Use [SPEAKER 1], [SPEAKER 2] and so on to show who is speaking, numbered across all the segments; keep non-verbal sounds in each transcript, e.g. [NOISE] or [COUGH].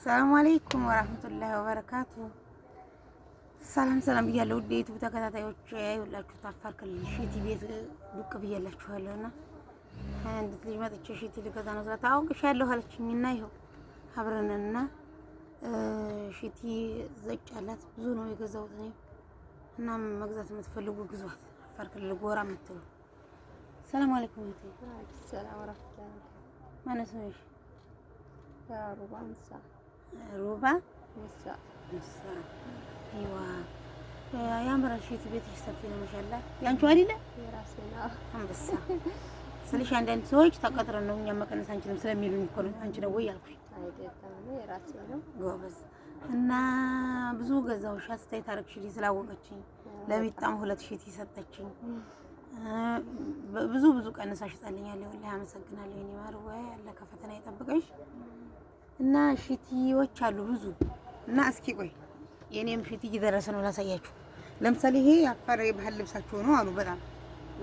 [SPEAKER 1] ሰላም አለይኩም ወራህመቱላሂ ወበረካቱ። ሰላም ሰላም ብያለሁ ውድ የዩቲዩብ ተከታታዮች ሁላችሁ፣ ታፋር ክልል ሽቲ ቤት ዱቅ ብያላችኋለሁ። እና አንዲት ልጅ መጥቼ ሽቲ ልገዛ ነው ስላት አውቅሻለሁ አለችኝና ይኸው አብረንና ሽቲ ዘጭ አላት። ብዙ ነው የገዛሁት እኔ። እናም መግዛት የምትፈልጉ ግዟት፣ አፋር ክልል ጎራ የምትሉ። ሰላም አለይኩም። ሰላም ወራህመቱላሂ ማነስ ነው ruba musa ruba ሙሳ
[SPEAKER 2] ሙሳ አይዋ ያምራል። ሴት ቤትሽ ሰፊ ነው ማሻላ። ያንቺው አይደለ
[SPEAKER 1] የራሴ ነው።
[SPEAKER 2] አንበሳ ስልሽ አንዳንድ ሰዎች ተቀጥረን ነው እኛ መቀነስ አንችልም ስለሚሉኝ እኮ ነው። አንቺ ነው ወይ ያልኩሽ ጎበዝ። እና ብዙ ገዛሁሽ አስተያየት አደረግሽልኝ ስላወቀችኝ ለሚጣም ሁለት ሺህ ሰጠችኝ። ብዙ ብዙ ቀንሳሽ ጣልኛለሁ። አመሰግናለሁ። እኔ ማር ወይ አለ ከፈተና ይጠብቀሽ። እና ሽትዎች አሉ ብዙ እና እስኪ ቆይ የኔም ሽት እየደረሰ ነው ላሳያችሁ። ለምሳሌ ይሄ አፋር የባህል ልብሳቸው ነው አሉ በጣም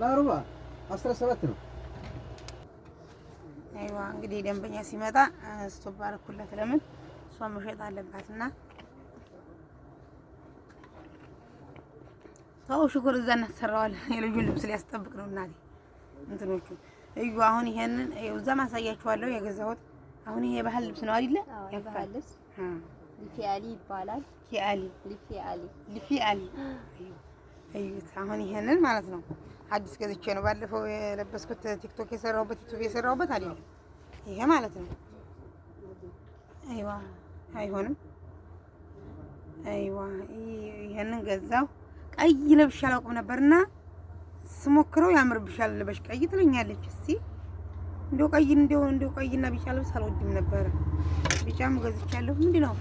[SPEAKER 3] ለአርባ 17 ነው።
[SPEAKER 2] አይዋ እንግዲህ ደንበኛ ሲመጣ ስቶፕ አደረኩለት። ለምን እሷ መሸጥ አለባት እና ሰው ሽኩር እዛ እናሰራዋለን። [LAUGHS] የልጁን ልብስ ሊያስጠብቅ ነው እናቴ እንትኖቹ እዩ። አሁን ይሄንን እዛም ማሳያችኋለሁ የገዛሁት አሁን ይሄ የባህል ልብስ ነው አይደለ?
[SPEAKER 1] የባህል ልብስ ልፊ አሊ ይባላል። ፊአሊ ልፊ አሊ
[SPEAKER 2] ልፊ አሊ። እዩት አሁን ይሄንን ማለት ነው አዲስ ገዝቼ ነው ባለፈው የለበስኩት ቲክቶክ የሰራሁበት ዩቲዩብ የሰራሁበት አይደለም ይሄ ማለት ነው። አይዋ አይሆንም። አይዋ ይሄንን ገዛው። ቀይ ለብሻ አላውቅም ነበርና ስሞክረው ያምርብሻል ልበሽ ቀይ ትለኛለች እስቲ እንደው ቀይ እንደው እንደው ቀይና ቢጫ ልብስ አልወድም ነበር ቢጫም ገዝቻለሁ። ምንድን ነው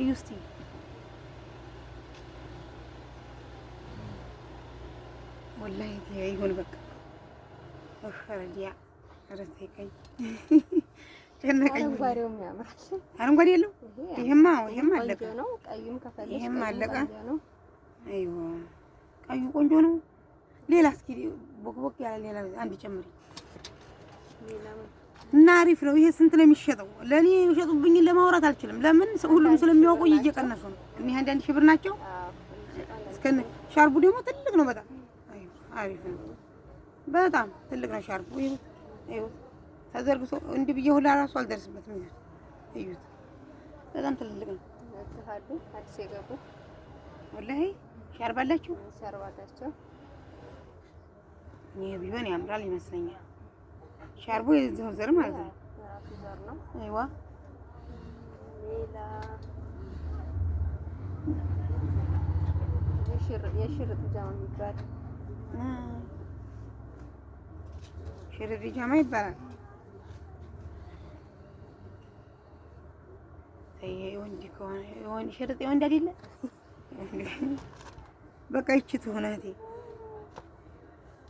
[SPEAKER 2] እዩ እስኪ ወላሂ ይሆን በቃ ወፈረዲያ ረሳይ ቀይ ጨነቀኝ። አረንጓዴ የለው። ይሄማ ይሄማ አለቀ። ይሄማ አለቀ። አይዋ ቀዩ ቆንጆ ነው። ሌላ እስኪ ቦክቦክ ያለ ሌላ አንድ ጨምሪ እና አሪፍ ነው። ይሄ ስንት ነው የሚሸጠው? ለእኔ የሚሸጡብኝን ለማውራት አልችልም። ለምን ሁሉም ስለሚያውቁ እየቀነሱ ነው። እኒህ አንዳንድ ሺህ ብር ናቸው። እስከነ ሻርቡ ደግሞ ትልቅ ነው በጣም አሪፍ ነው። በጣም ትልቅ ነው ሻርቡ። ይኸው ተዘርግቶ እንዲህ ብዬ ሁላ ራሱ አልደርስበትም። ይሄ እዩት፣ በጣም ትልቅ ነው። ወላሂ ሻርባላችሁ ይህ ቢሆን ያምራል ይመስለኛል። ሻርቡ የዚሁ ዘር ማለት ነው። አይዋ
[SPEAKER 1] የሽርጥ ቢጃማ የሚባል
[SPEAKER 2] ሽርጥ ቢጃማ ይባላል። የወንድ ከሆነ የወንድ ሽርጥ የወንድ አይደለ? በቃ ይችት ሆነ እህቴ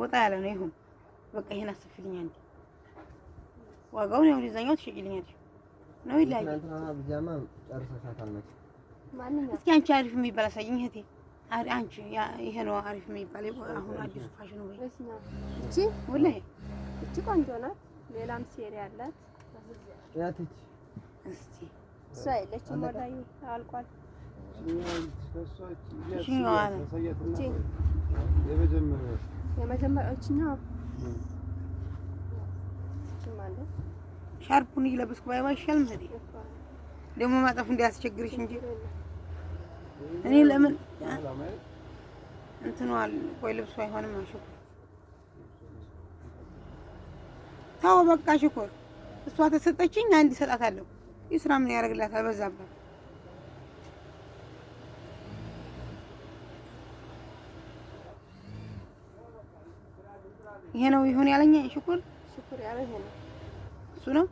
[SPEAKER 2] ወጣ ያለ ነው። ይሁን በቃ ይሄን አሰፍልኝ አንዴ። ዋጋውን ያው ዲዛይኑ ትሸጪልኛለሽ ነው ይላል። እስኪ አንቺ አሪፍ የሚባል አሳይኝ እህቴ። አንቺ ይሄ ነው አሪፍ የሚባል አሁን አዲሱ ፋሽኑ ወይ እቺ ወላሂ
[SPEAKER 1] እቺ ቆንጆ ናት። ሌላም ሴሪ አላት ያትች እስቲ እሷ የለችም ወላሂ አልቋል። እሺ የመጀመሪያዎችና
[SPEAKER 2] ሻርፑን እየለበስኩ ባይባ ይሻልም። ደግሞ ማጠፍ እንዲያስቸግርሽ እንጂ እኔ ለምን እንትኗል። ወይ ልብሱ አይሆንም። አሽኩ ታው በቃ ሽኩር እሷ ተሰጠችኝ። አንድ ሰጣት አለው ይህ ስራ ምን ያደርግላታል? በዛባት ይሄ ነው ይሁን ያለኝ ሽኩር
[SPEAKER 1] ሽኩር ያለ ይሄ ነው
[SPEAKER 2] እሱ ነው።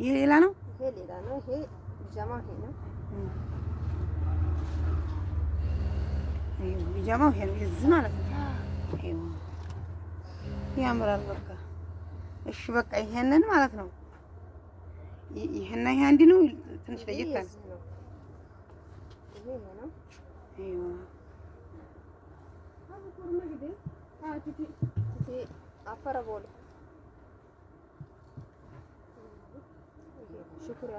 [SPEAKER 2] ይሄ ሌላ ነው።
[SPEAKER 1] ይሄ ሌላ ነው። ይሄ ቢጃማ ይሄ ነው። ይሄ
[SPEAKER 2] ቢጃማው ይሄ ነው። የዚህ ማለት ነው። ይሄው ያምራል። በቃ እሺ፣ በቃ ይሄንን ማለት ነው። ይሄና ይሄ አንድ ነው። ትንሽ ለየት አለ። ይሄ ነው። ይሄው
[SPEAKER 1] አፈረ ቦሌ ሽኩር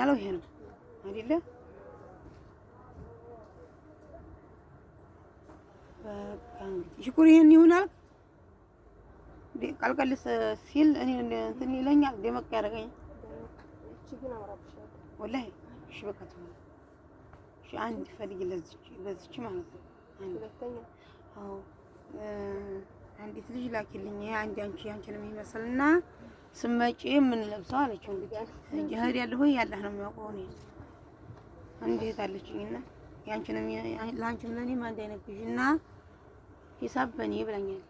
[SPEAKER 2] ያለው ይሄ ነው አይደለ? ሽኩር ይሄን ይሆናል። ቀልቀል ሲል እኔ እንትን ይለኛል፣ ደመቅ ያደርገኛል። ወላሂ እሺ፣ በቃ ተው። እሺ፣ አንድ ፈልጊ ለዚች ማለት ነው። አንዲት ልጅ ላኪልኝ አንድ አንቺ አንቺ አንቺን የሚመስልና ስመጪ ምን ለብሰው አለችው። እንግዲህ እህድ ያለሁ ያላህ ነው የሚያውቀው። እኔ አንድ ያንቺ ነው ያንቺንም ምን ለእኔም አንድ አይነት ግዢና ሂሳብ በእኔ ብላኛል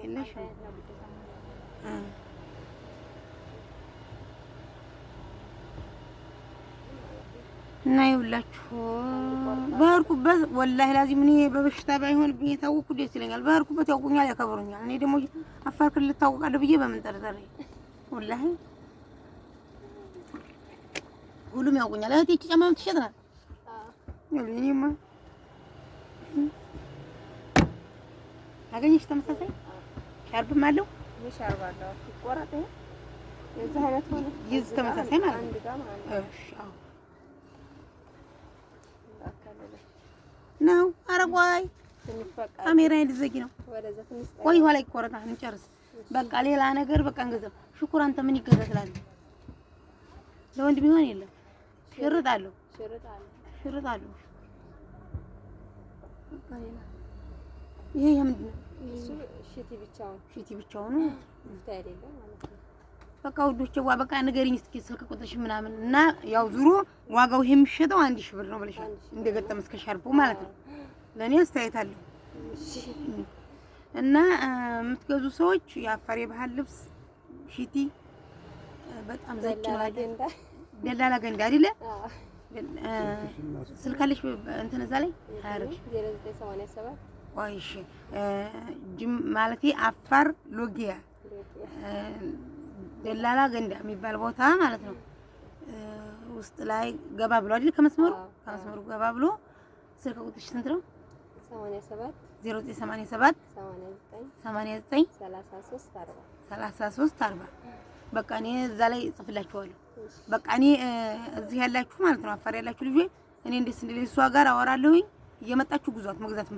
[SPEAKER 2] የለሽ እና ይኸውላችሁ በሄድኩበት ወላሂ ላዚም እኔ በበሽታ ባይሆን የታወቅኩ ደስ ይለኛል። በሄድኩበት ያውቁኛል፣ ያከብሩኛል። እኔ ደግሞ አፋር ክልል ልታወቃለሁ ብዬ በምን ጠርጠሬ ወላሂ ሁሉም ያውቁኛል። እህቴ ይህቺ ጫማ የምትሸጥ ናት። እኔማ አገኘሽ ተመሳሳይ ሻርፕም አለው ይዝ ተመሳሳይ ማለት ነው። ነው። ኧረ ቆይ ካሜራዬን ልትዘጊ ነው? ቆይ ኋላ ይቆረጣል እንጨርስ። በቃ ሌላ ነገር በቃ እንገዛም። ሽኩር አንተ ምን ይገዛ ትላለህ? ለወንድ ቢሆን የለም ሽርጥ አለው ሽርጥ አለው። ይሄ የምንድን ነው?
[SPEAKER 1] ሽቲ ብቻውን
[SPEAKER 2] ሽቲ ብቻውን በቃ ውዶች ዋ በቃ ንገሪኝ እስኪ ስልክ ቁጥርሽ ምናምን እና ያው ዙሮ ዋጋው ይሄ የሚሸጠው አንድ ሺህ ብር ነው ብለሻል። እንደገጠመ እስከ ሻርፖ ማለት ነው። ለእኔ አስተያየት አለሁ እና የምትገዙ ሰዎች የአፋር የባህል ልብስ ሽቲ በጣም ዘጭ ነው። ደላላ ገንዳ አይደለ? ስልክ አለሽ እንትን እዛ ላይ አያረግሽ ቆይ እሺ፣ ጅም ማለቴ አፋር ሎጊያ ደላላ ገንዳ የሚባል ቦታ ማለት ነው። ውስጥ ላይ ገባ ብሎ አይደል? ከመስመሩ ከመስመሩ ገባ ብሎ ስልክ ቁጥርሽ ስንት ነው? 0987 በቃ እኔ እዛ ላይ ጽፍላችኋለሁ። በቃ እኔ እዚህ ያላችሁ ማለት ነው አፋር ያላችሁ ልጆች እኔ እንዴት እንደሌሷ ጋር አወራለሁኝ። እየመጣችሁ መግዛት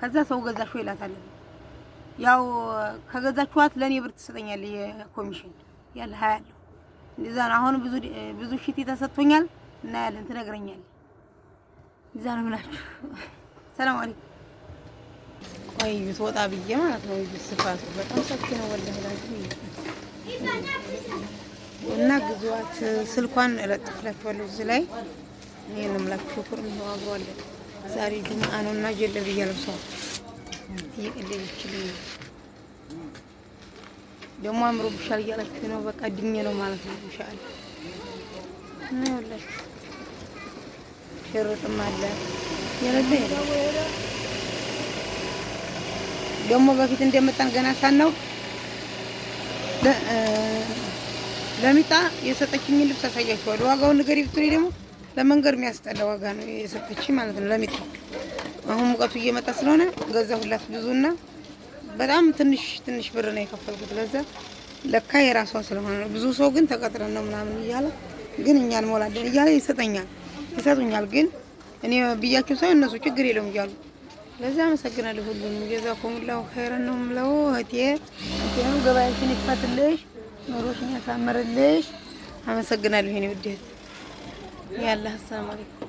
[SPEAKER 2] ከዛ ሰው ገዛሽው ይላታለሁ ያው ከገዛችኋት ለእኔ ብር ትሰጠኛለህ የኮሚሽን ያለ ሀያ አለሁ ነው። አሁን ብዙ ብዙ ሽት ተሰጥቶኛል እና ያለን ትነግረኛለህ። እንደዛ ነው ብላችሁ ሰላም አለይኩም። ቆይ እዩት፣ ወጣ ብዬ ማለት ነው። እዩት ስፋቱ በጣም ሰፊ ነው። ወላሂ እና ግዙዋት። ስልኳን እለጥፍላችኋለሁ እዚህ ላይ እኔ ልምላችሁ። ሹኩር ነው አብሮ አለ። ዛሬ ጁምአ ነው እና ጀለብያ ለብሰዋል እየቀለደችልኝ ነው። ደግሞ ብሻል እያላችሁ ነው። በቃ ድኜ ነው ማለት ነው። ብሻል እና ሽርጥም አለ ደግሞ በፊት እንደመጣን ገና ሳናውቅ ለሚጣ የሰጠችኝ ልብስ አሳያችኋለሁ። ዋጋውን ነገር ይብትኔ ደግሞ ለመንገድ የሚያስጠላ ዋጋ ነው የሰጠችኝ ማለት ነው ለሚጣ አሁን ሙቀቱ እየመጣ ስለሆነ ገዛሁላት ብዙና በጣም ትንሽ ትንሽ ብር ነው የከፈልኩት። ለዛ ለካ የራሷ ስለሆነ ነው። ብዙ ሰው ግን ተቀጥረን ነው ምናምን እያለ ግን እኛ እንሞላለን እያለ ይሰጠኛል ይሰጡኛል። ግን እኔ ብያቸው ሳይሆን እነሱ ችግር የለውም እያሉ ለዛ አመሰግናለሁ። ሁሉንም ጀዛኩሙላሁ ኸይረ ነው የምለው። እህቴ እህቴም ገበያሽን ይክፈትልሽ፣ ኑሮሽን ያሳምርልሽ። አመሰግናለሁ። ይሄኔ ውዴት ያለ ሀሳብ አለይኩም